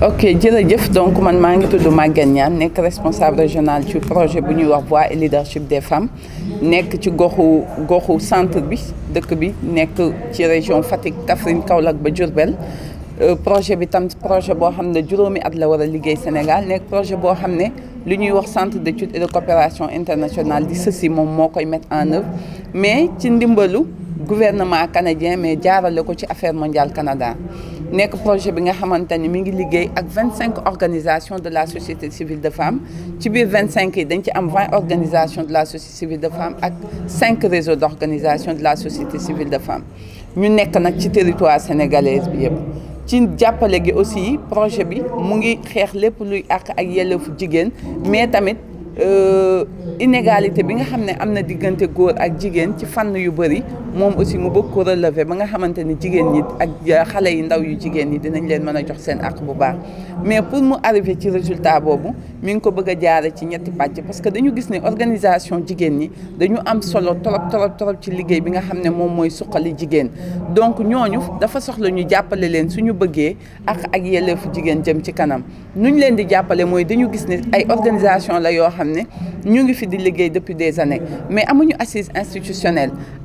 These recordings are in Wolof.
ok jërëjëf donc man maa ngi tudd Maguette Niane nekk responsable régional ci projet bu ñuy wax voix et leadership des femmes nekk ci goxu goxu centre bi dëkk bi nekk ci région Fatick Kaffrine Kaolack ba Diourbel euh, projet bi tam projet boo xam ne juróomi at la war a liggéey Sénégal nekk projet boo xam ne lu ñuy wax centre d'études et de coopération internationale di ceci moom moo koy mettre en œuvre mais ci ndimbalu gouvernement canadien mais jaarale ko ci affaire mondiale Canada nekk projet bi nga xamante ni mi ngi liggéey ak vingt cinq organisation de la société civile de femmes ci biir vingt cinq yi dañ ci am vingt organisations de la société civile de femmes ak cinq réseaux d' de la société civile de femmes ñu nekk nag ci territoire sénégalaise bi yëpp ci jàppale gi aussi projet bi mu ngi xeex lépp luy àkk ak yelleefu jigéen mais tamit Euh, inégalité bi nga xam ne am na diggante góor ak jigéen ci fànn yu bëri moom aussi mu bëgg ko relever ba nga xamante ni jigéen ñi ak xale yi ndaw yu jigéen ñi dinañ leen mën a jox seen àq bu baax mais pour mu arriver ci résultat boobu mi ngi ko bëgg a jaare ci ñetti pàcc parce que dañu gis ne organisation jigéen ñi dañu am solo trop trop trop ci liggéey bi nga xam ne moom mooy suqali jigéen donc ñooñu dafa soxla ñu jàppale leen suñu bëggee ak ak yelleefu jigéen jëm ci kanam nuñ leen di jàppale mooy dañu gis ne ay organisation la yoo xam ne ñu ngi fi di liggéey depuis des années mais amuñu assise institutionnelle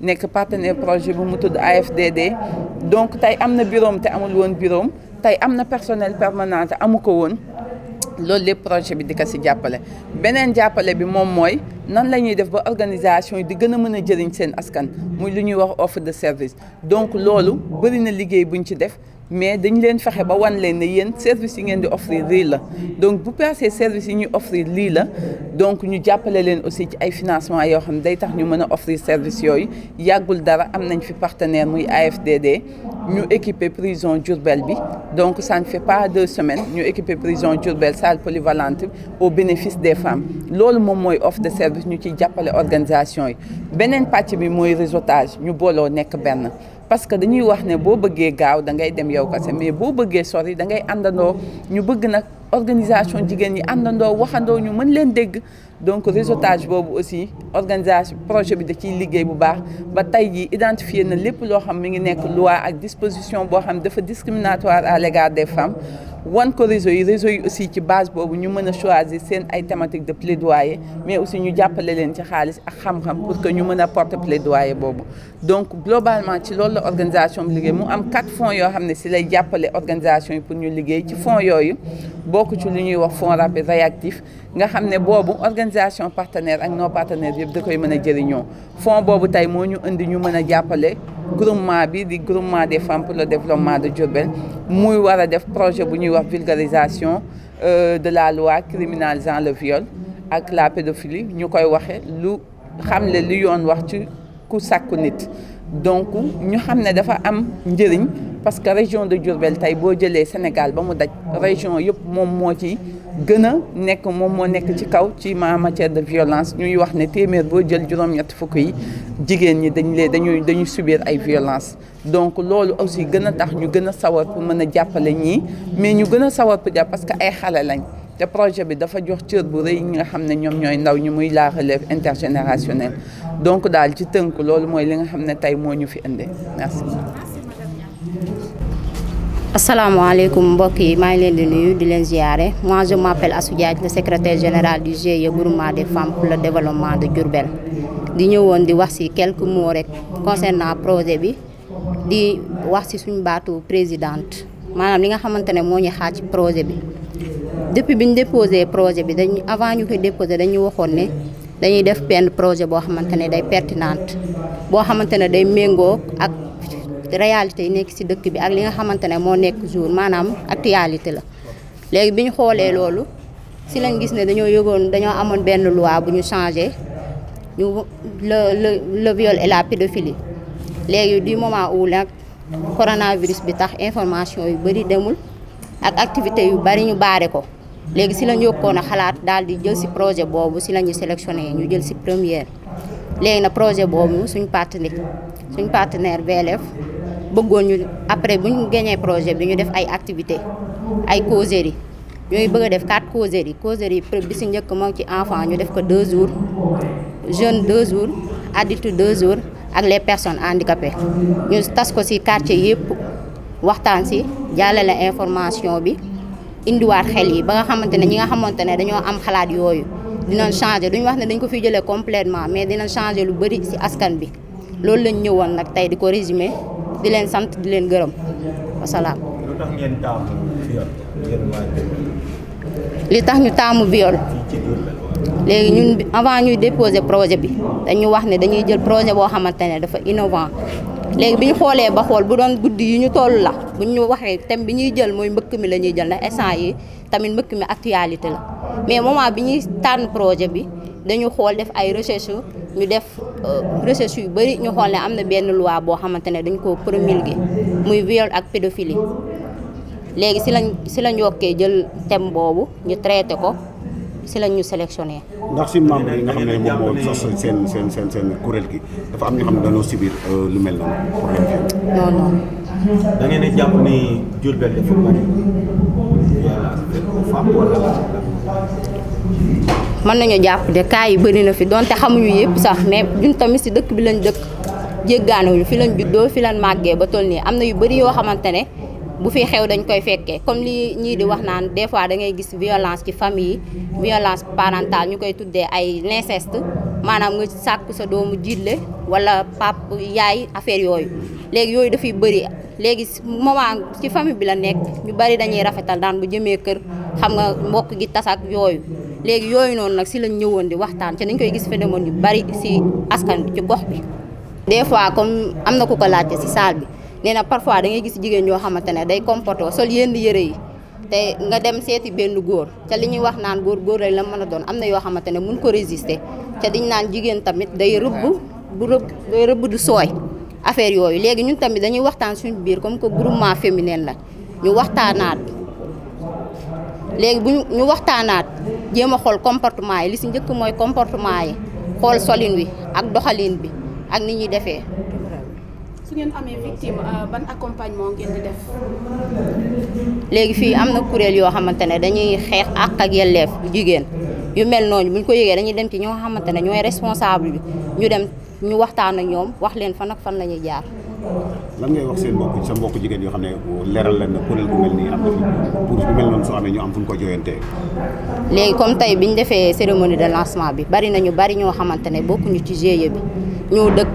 nekk partenaire projet bu mu tudd AFDD donc tey am na bureau te amul woon bureau tey am na personnel permanent amu ko woon loolu lépp projet bi di ko si jàppale beneen jàppale bi moom mooy nan la ñuy def ba organisation yi di gën a mën a jëriñ seen askan muy lu ñuy wax offre de service donc loolu bëri na liggéey buñ ci def mais dañu leen fexe ba wan leen ne yéen service yi ngeen di offrir lii la donc bu passé service yi ñuy offrir lii la donc ñu jàppale leen aussi ci ay financement yoo xam ne day tax ñu mën a offrir service yooyu yàggul dara am nañ fi partenaire muy AFDD ñu équipe prison Diourbel bi donc ça ne fait pas deux semaines ñu équipe prison Diourbel salle polyvalente au bénéfice des femmes loolu moom mooy offre de service ñu ciy jàppale organisation yi beneen pàcc bi mooy réseautage ñu booloo nekk benn parce que dañuy wax ne boo bëggee gaaw da ngay dem yow kese mais boo bëggee sori da ngay àndandoo ñu bëgg na organisation jigéen ñi andando waxandoo ñu mën leen dégg donc réseautage bobu aussi organisation projet bi da ciy liggéey bu baax ba tay ji identifier na lépp loo xam mi ngi nekk loi ak disposition boo xam dafa discriminatoire à l'égard des femmes wan ko réseau yi réseau yi aussi ci base boobu ñu mën a choisir seen ay thématiques de plaidoyer mais aussi ñu jàppale leen ci xaalis ak xam-xam pour que ñu mën a porter plaidoyer boobu donc globalement ci loolu la organisation bi liggéey mu am quatre fonds yoo xam ne si lay jàppale organisation yi pour ñu liggéey ci fonds yooyu bokk ci lu ñuy wax fonds rapide réactif nga xam ne boobu organisation partenaire ak non partenaire yëpp da koy mën a jëriñoo fonds boobu tey moo ñu indi ñu mën a jàppale groupement bi di groupement des femmes pour le développement de Diourbel muy war def projet bu ñuy wax vulgarisation euh, de la loi criminalisant le viol ak la pédophilie ñu koy waxe lu xam le lu yoon wax ci ku sàkku nit donc ñu xam ne dafa am njëriñ parce que région de Diourbel tey boo jëlee Sénégal ba mu daj région yëpp moom moo ci gën a nekk moom moo nekk ci kaw ci ma matière de violence ñuy wax ne téeméer boo jël juróom-ñett fukk yi jigéen ñi dañ lee dañuy dañuy subir ay violence donc loolu aussi gën a tax ñu gën a sawar pour mën a jàppale ñii mais ñu gën a sawar pour jàpp parce que ay xale lañ te projet bi dafa jox cër bu rëy ñi nga xam ne ñoom ñooy ndaw ñu muy la relève intergénérationnelle donc daal ci tënk loolu mooy li nga xam ne tey moo ñu fi indi merci asalaamaaleykum mbokk yi maa ngi leen di nuyu di leen ziare moi je m'appelle Assou Diagne le secrétaire général du GIE groupement de femmes pour le développement de Diourbel di ñëwoon di wax ci quelque mots rek concernant projet bi di wax ci suñu baatu présidente maanaam li nga xamante ne moo ñu xaaj ci projet bi depuis bi ñu projet bi dañuy avant ñu koy déposé dañuy waxoon ne dañuy def benn projet boo xamante ne day pertinente boo xamante ne day méngoo ak. réalité yi nekk si dëkk bi ak li nga xamante ne moo nekk jour maanaam actualité la léegi bi ñu xoolee loolu si lañ gis ne dañoo yëgoon dañoo amoon benn loi bu ñu changé ñu le la le viol et léegi du moment ak nag coronavirus bi tax information yu bëri demul ak activité yu bari ñu baare ko léegi si lañ yokkoon xalaat daal di jël si projet boobu si la ñu yi ñu jël si première léegi na projet boobu suñ partenaire suñ partenaire VLF bëggoon ñu après bu ñu gagné projet bi ñu def ay activité ay causerie ñooy bëgg a def quatre causerie causerie bi si njëkk moom ci enfant ñu def ko deux jours jeune deux jours adulte deux jours ak les personnes handicapées ñu tas ko si quartier yépp waxtaan si jàllale information bi indiwaat xel yi ba nga xamante ne ñi nga xamante ne dañoo am xalaat yooyu dinañ changer duñ wax ne dañ ko fi jëlee complètement mais dinañ changer lu bëri si askan bi loolu lañ ñëwoon nag tey di ko résumer di leen sant di leen gërëm wasalaam. lu li tax ñu taamu viol léegi ñun avant ñuy déposer projet bi dañuy wax ne dañuy jël projet boo xamante ne dafa innovant léegi bi ñu xoolee ba xool bu doon guddi yu ñu toll la bu ñu waxee thème bi ñuy jël mooy mbëkk mi la ñuy jël ndax instant yi tamit mbëkk mi actualité la mais moment bi ñuy tànn projet bi dañu xool def ay recherche ñu def euh, recherche yu bëri ñu xool ne am na benn loi boo xamante ne dañ koo promulgué muy viol ak pédophilie léegi si lañ si lañ yokkee jël thème boobu ñu traité ko si lañ ñu sélectionné. ndax si membre yi nga xam ne moom moo sos seen seen seen seen kuréel gi dafa am ñoo xam ne dañoo subir euh, lu mel noonu di jàpp ni Diourbel dafa mën nañu jàpp de cas yi bëri na fi donte xamuñu yëpp sax mais ñun tamit si dëkk bi lañ dëkk jéggaanewuñu fi lañ juddoo fi lañ màggee ba toll nii am na yu bëri yoo xamante ne bu fi xew dañ koy fekkee comme li ñii di wax naan des fois da ngay gis violence ci famille violence parentale ñu koy tuddee ay l'inceste maanaam nga sàkku sa doomu jiitle wala pap yaay affaire yooyu léegi yooyu dafay bëri léegi moment ci famille bi la nekk ñu bari dañuy rafetal daan bu jëmee kër xam nga mbokk gi tas yooyu léegi yooyu noonu nag si lañ ñëwoon di waxtaan ci nañ koy gis phénomène yu bari si askan bi ci gox bi. des fois comme am na ko ko laajte si salle bi nee na parfois da ngay gis jigéen yoo xamante ne day comporter sol yenn yëre yi. te nga dem seeti benn góor ca li ñuy wax naan góor góor la mën a doon am na yoo xamante ne mun ko résister ca diñ naan jigéen tamit day rëbb bu rëbb day du sooy affaire yooyu léegi ñun tamit dañuy waxtaan suñu biir comme que groupement féminin la ñu waxtaanaat léegi bu ñu waxtaanaat jéem a xool comportement yi li si njëkk mooy comportement yi xool solin wi ak doxalin bi ak ni ñuy defee. su ngeen amee victime euh, ban accompagnement ngeen di def. léegi fii am na kuréel yoo xamante ne dañuy xeex àq ak yelleef jigéen yu mel noonu bu ñu ko yëgee dañuy dem ci ñoo xamante ne ñooy responsable bi ñu dem ñu waxtaan ak ñoom wax leen fan ak fan la ñuy jaar. lan ngay wax seen mbokk sa mbokk jigéen yoo xam ne leeral la na pour bu mel noonu soo amee ñu am fu ñu ko jooyantee. léegi comme tey bi ñu defee cérémonie de lancement bi bari nañu bari ñoo xamante ne bokkuñu ci GIE bi ñoo dëkk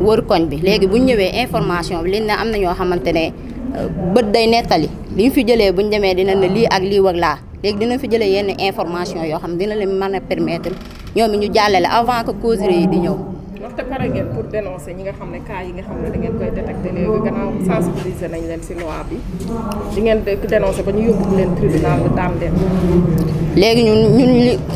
wër koñ bi léegi bu ñu ñëwee information bi liñ ne am na ñoo xamante ne euh, bët day nettali li fi jëlee bu ñu demee dina ne lii ak lii wak laa léegi dina fi jëlee yenn information yoo xam dina leen mën a permettre ñoom ñu jàllale avant que causerie yi di ñëw. ndaxte pare ngeen pour dénoncer ñi nga xam ne cas yi nga xam ne da ngeen koy détecté léegi gannaaw sensibiliser nañ leen si loi bi di ngeen dénoncer ba ñu yóbbu leen tribunal bu daam leen. léegi ñun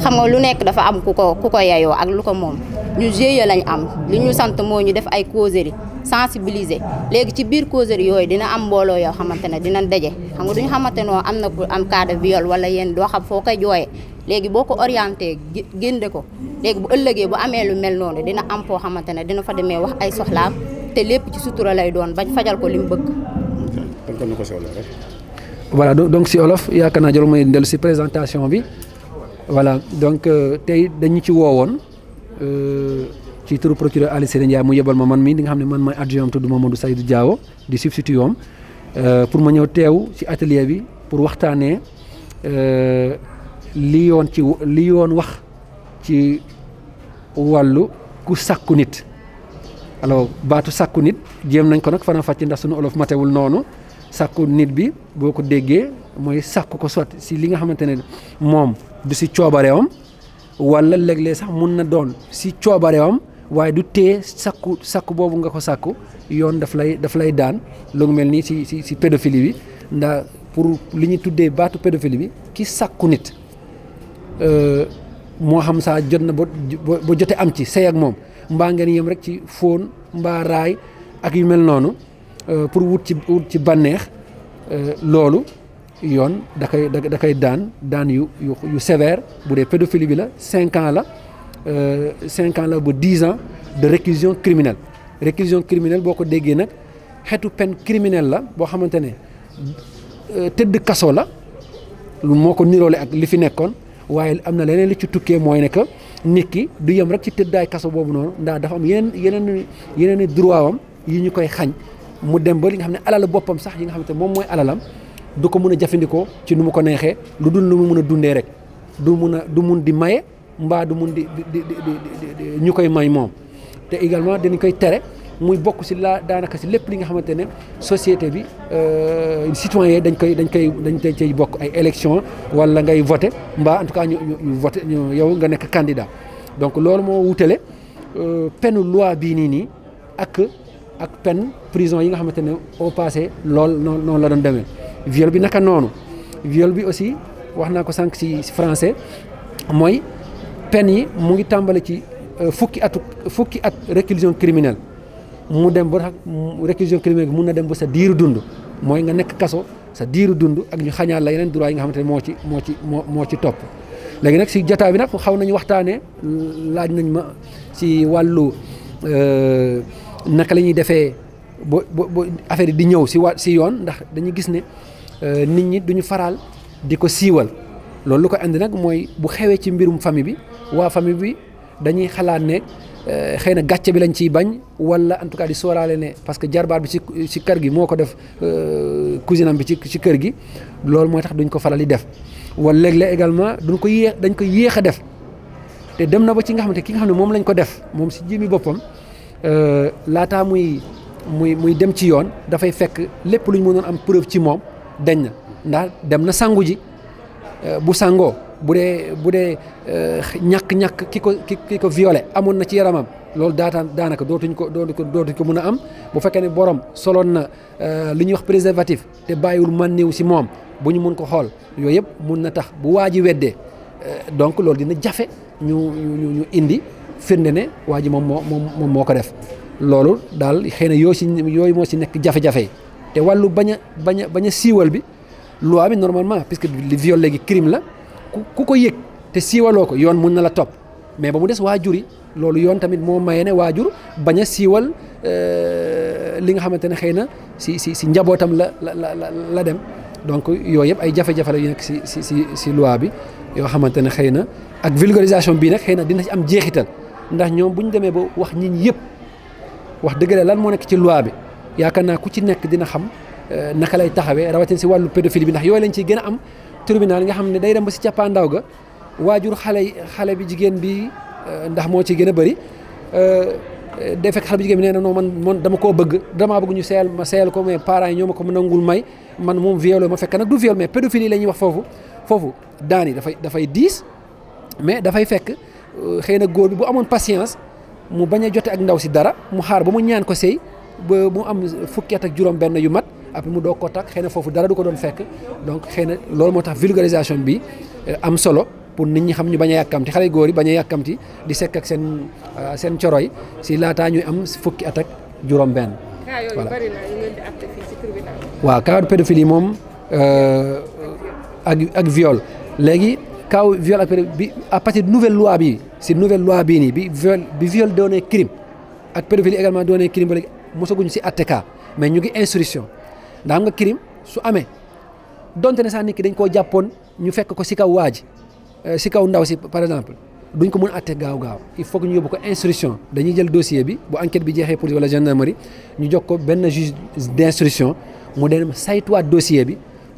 xam nga lu nekk dafa am ku ko ku ko yayoo ak lu ko moom ñu GIE lañ am li ñu sant moo ñu def ay causerie sensibiliser léegi ci biir causerie yooyu dina am mbooloo yoo xamante ne dinañ daje xam nga duñu xamante noo am na ku am cas de viol wala yéen doo xam foo koy jooyee. léegi boo ko orienté génde ko léegi bu ëllëgee bu amee lu mel noonu dina am foo xamante ne dina fa demee wax ay soxlaam te lépp ci sutura lay doon bañ fajal ko li mu bëgg. voilà donc si olof yaakaar naa jël mooy dellu si présentation bi voilà donc euh, tey dañu ci woowoon euh, ci turu procureur Aly Seydi Ndiaye mu yebal ma man mii di nga xam ne man mooy adjoint am du Mamadou Seydou Diawo di substitut am euh, pour ma ñëw teew ci atelier bi pour waxtaanee. li yoon ci li yoon wax ci wàllu ku sàkku nit alors baatu sàkku nit jéem nañ ko nag faram fàcc ndax suñu olof matewul noonu sàkku nit bi boo ko déggee mooy sàkku ko soit si li nga xamante ne moom du si coobareewam wala léeg sax mun na doon si coobareewam waaye du tee sàkku sàkku boobu nga ko sàkku yoon daf lay daf lay daan lu mel nii si si si bi ndax pour li ñu tuddee baatu pédophilie bi ki sàkku nit moo xam saa jot na ba ba jote am ci sey ak moom mbaa ngeen yem rek ci fóon mbaa raay ak yu mel noonu euh, pour wut ci wut ci bànneex euh, loolu yoon da koy da koy daan daan yu yu yu bu dee pédophilie bi la cinquant la euh, cinq ans la ba dix ans de réclusion criminelle réclusion criminelle boo ko déggee nag xeetu peine criminelle la boo xamante ne tëdd kaso la lu moo ko niroole ak li fi nekkoon waaye am na leneen li ci tukkee mooy ne que nit ki du yem rek ci tëddaay kaso boobu noonu ndax dafa am yeneen yeneen yeneen droit am yi ñu koy xañ mu dem ba li nga xam ne alal boppam sax yi nga xam te moom mooy alalam du ko mun a jafandikoo ci nu mu ko neexee lu dul lu mu mun a dundee rek du mun a du mun di maye mbaa du mun di di di di ñu koy may moom te également dañ koy tere. muy bokk si laa daanaka si lépp li nga xamante ne société bi euh, citoyen dañ koy dañ koy dañ koy cay bokk ay élection walla ngay voté mbaa en tout cas ñu ñu voté yow nga nekk candidat donc loolu moo wutale euh, penu loi bii nii nii ak ak peine prison yi nga xamante ne au passé lool noonu la doon demee viol bi naka noonu viol bi aussi wax naa ko sànq si français mooy peine yi mu ngi tàmbali ci euh, fukki at fukki at réclusion criminelle mu dem ba tax réclusion criminelle bi mun na dem ba sa diiru dund mooy nga nekk kaso sa diiru dund ak ñu xañaal la yeneen droit yi nga xamante ne moo ci moo ci moo moo ci topp. léegi nag si jataa bi nag xaw nañu waxtaanee laaj nañ ma si wàllu euh, naka la ñuy defee ba di ñëw si si yoon ndax dañu gis ne euh, nit ñi duñu faral di ko siiwal loolu lu ko indi nag mooy bu xewee ci mbirum famille bi waa famille bi dañuy xalaat ne. Euh, xëy na gàcce bi lañ ciy bañ wala en tout cas di sóoraale ne parce que jarbaar bi ci ci kër gi moo ko def euh, cousine am bi ci ci kër gi loolu mooy tax duñ ko faral di def wala léeg-léeg également duñ ko yéex dañ ko yéex a def te dem na ba ci nga xamante ki nga xam ne moom lañ ko def moom si jëmi boppam euh, laataa muy muy muy dem ci yoon dafay fekk lépp lu luñ mënoon am preuve ci moom deñ na ndax dem na sangu ji bu sangoo Bude bude nyak eh, nyak kiko kiko kiko ko ki ki ko violé amoon na ci yaramam loolu dootuñ ko dootuñ ko dootuñ ko mën am bu fekkee ne borom solon na eh, li ñuy wax préservatif te bàyyiwul mànniw si mom bu ko xool yoyep yëpp mun na tax bu waji ji weddee eh, donc loolu dina jafe ñu ñu ñu indi firnde ne waji mom mom moo moom ko def yoyi dal xëy yo yoo si yooyu moo si nekk jafe-jafe te wàllu bañ a bi loi bi normalement puisque li viol légui crime la ku ko yëg te siiwaloo ko yoon mun na la topp mais ba mu des waajur yi loolu yoon tamit moo maye ne waajur bañ a siiwal euh, li nga xamante ne xëy na si si si njabootam la la la la dem donc yooyu yëpp ay jafe-jafe yu nekk si si si si loi bi yoo xamante ne xëy na ak vulgarisation bii nag xëy na dina ci am jeexital ndax ñoom bu ñu demee ba wax nit ñi yëpp wax dëgg lan moo nekk ci loi bi yaakaar naa ku ci nekk dina xam euh, naka lay taxawee rawatin si wàllu pédophile bi ndax lañ ciy gën a am. tribunal nga xam ne day dem ba si cappaandaw ga waajur xale yi xale bi jigéen bi euh, ndax moo ci gën a bëri euh, day fekk xale bi jigéen bi nee na man man dama koo bëgg damaa bëgg ñu seeyal ma seeyal ko mais parents yi ñoo ma ko nangul may man moom violé ma fekk nag du viol mais pédophilie la ñuy wax foofu foofu daan dafay dafay diis mais dafay fekk euh, xëy na góor bi bu amoon patience mu bañ a jote ak ndaw si dara mu xaar ba mu ñaan ko sey ba mu am fukki at ak juróom benn yu mat après mu doog ko takk xëy na foofu dara du ko doon fekk donc xëy na loolu moo tax vulgarisation bi euh, am solo pour nit ñi xam ñu bañ a yàkkamti xale góor yi bañ a yàkkamti di sekk ak seen euh, seen coroy si laataa ñuy am fukki at ak juróom-benn. voilà waaw cas de pédophilie moom euh, ak ak viol léegi cas viol ak bi à partir de nouvelle loi bi si nouvelle loi bi nii bi viol bi viol doonee crime ak pédophilie également doonee crime ba léegi mosaguñ si atte cas mais ñu ngi instruction. ndax xam nga crime su amee donte ne sax nit ki dañ koo jàppoon ñu fekk ko si kaw waa ji euh, si kaw ndaw si par exemple duñ ko mun atte gaaw gaaw il faut ñu yóbbu ko instruction dañuy jël dossier bi bu enquête bi jeexee police wala gendarmerie ñu jox ko benn juge d'instruction mu dem saytuwaat dossier bi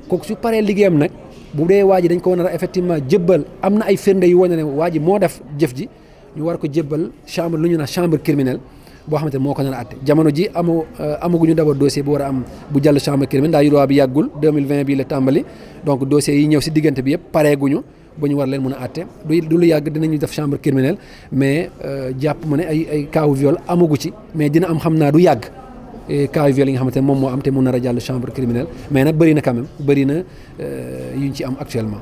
kooku su paree liggéeyam nag bu dee waa ji dañ ko war a effectivement jëbbal am na ay firnde yu wane ne waa ji moo def jëf ji ñu war ko jébbal chambre lu ñu naan chambre criminelle boo xamante ne moo ko nar àtte jamono ji amoo euh, amaguñu d'abord dossier bu war a am bu jàll chambre criminelle ndaa yu loi bi yàggul 2020 bii la tàmbali donc dossiers yi ñëw si diggante bi yëpp pareeguñu ba ñu war leen mun a àtte du du lu yàgg dinañu def chambre criminelle mais euh, jàpp ma ne ay ay kaawu viol amagu ci mais dina am xam naa du yàgg kaawu viol yi nga xamante ne moom moo am te mu nar a jàll chambre criminelle mais nag bëri na quand même na euh, yu ñu ci am actuellement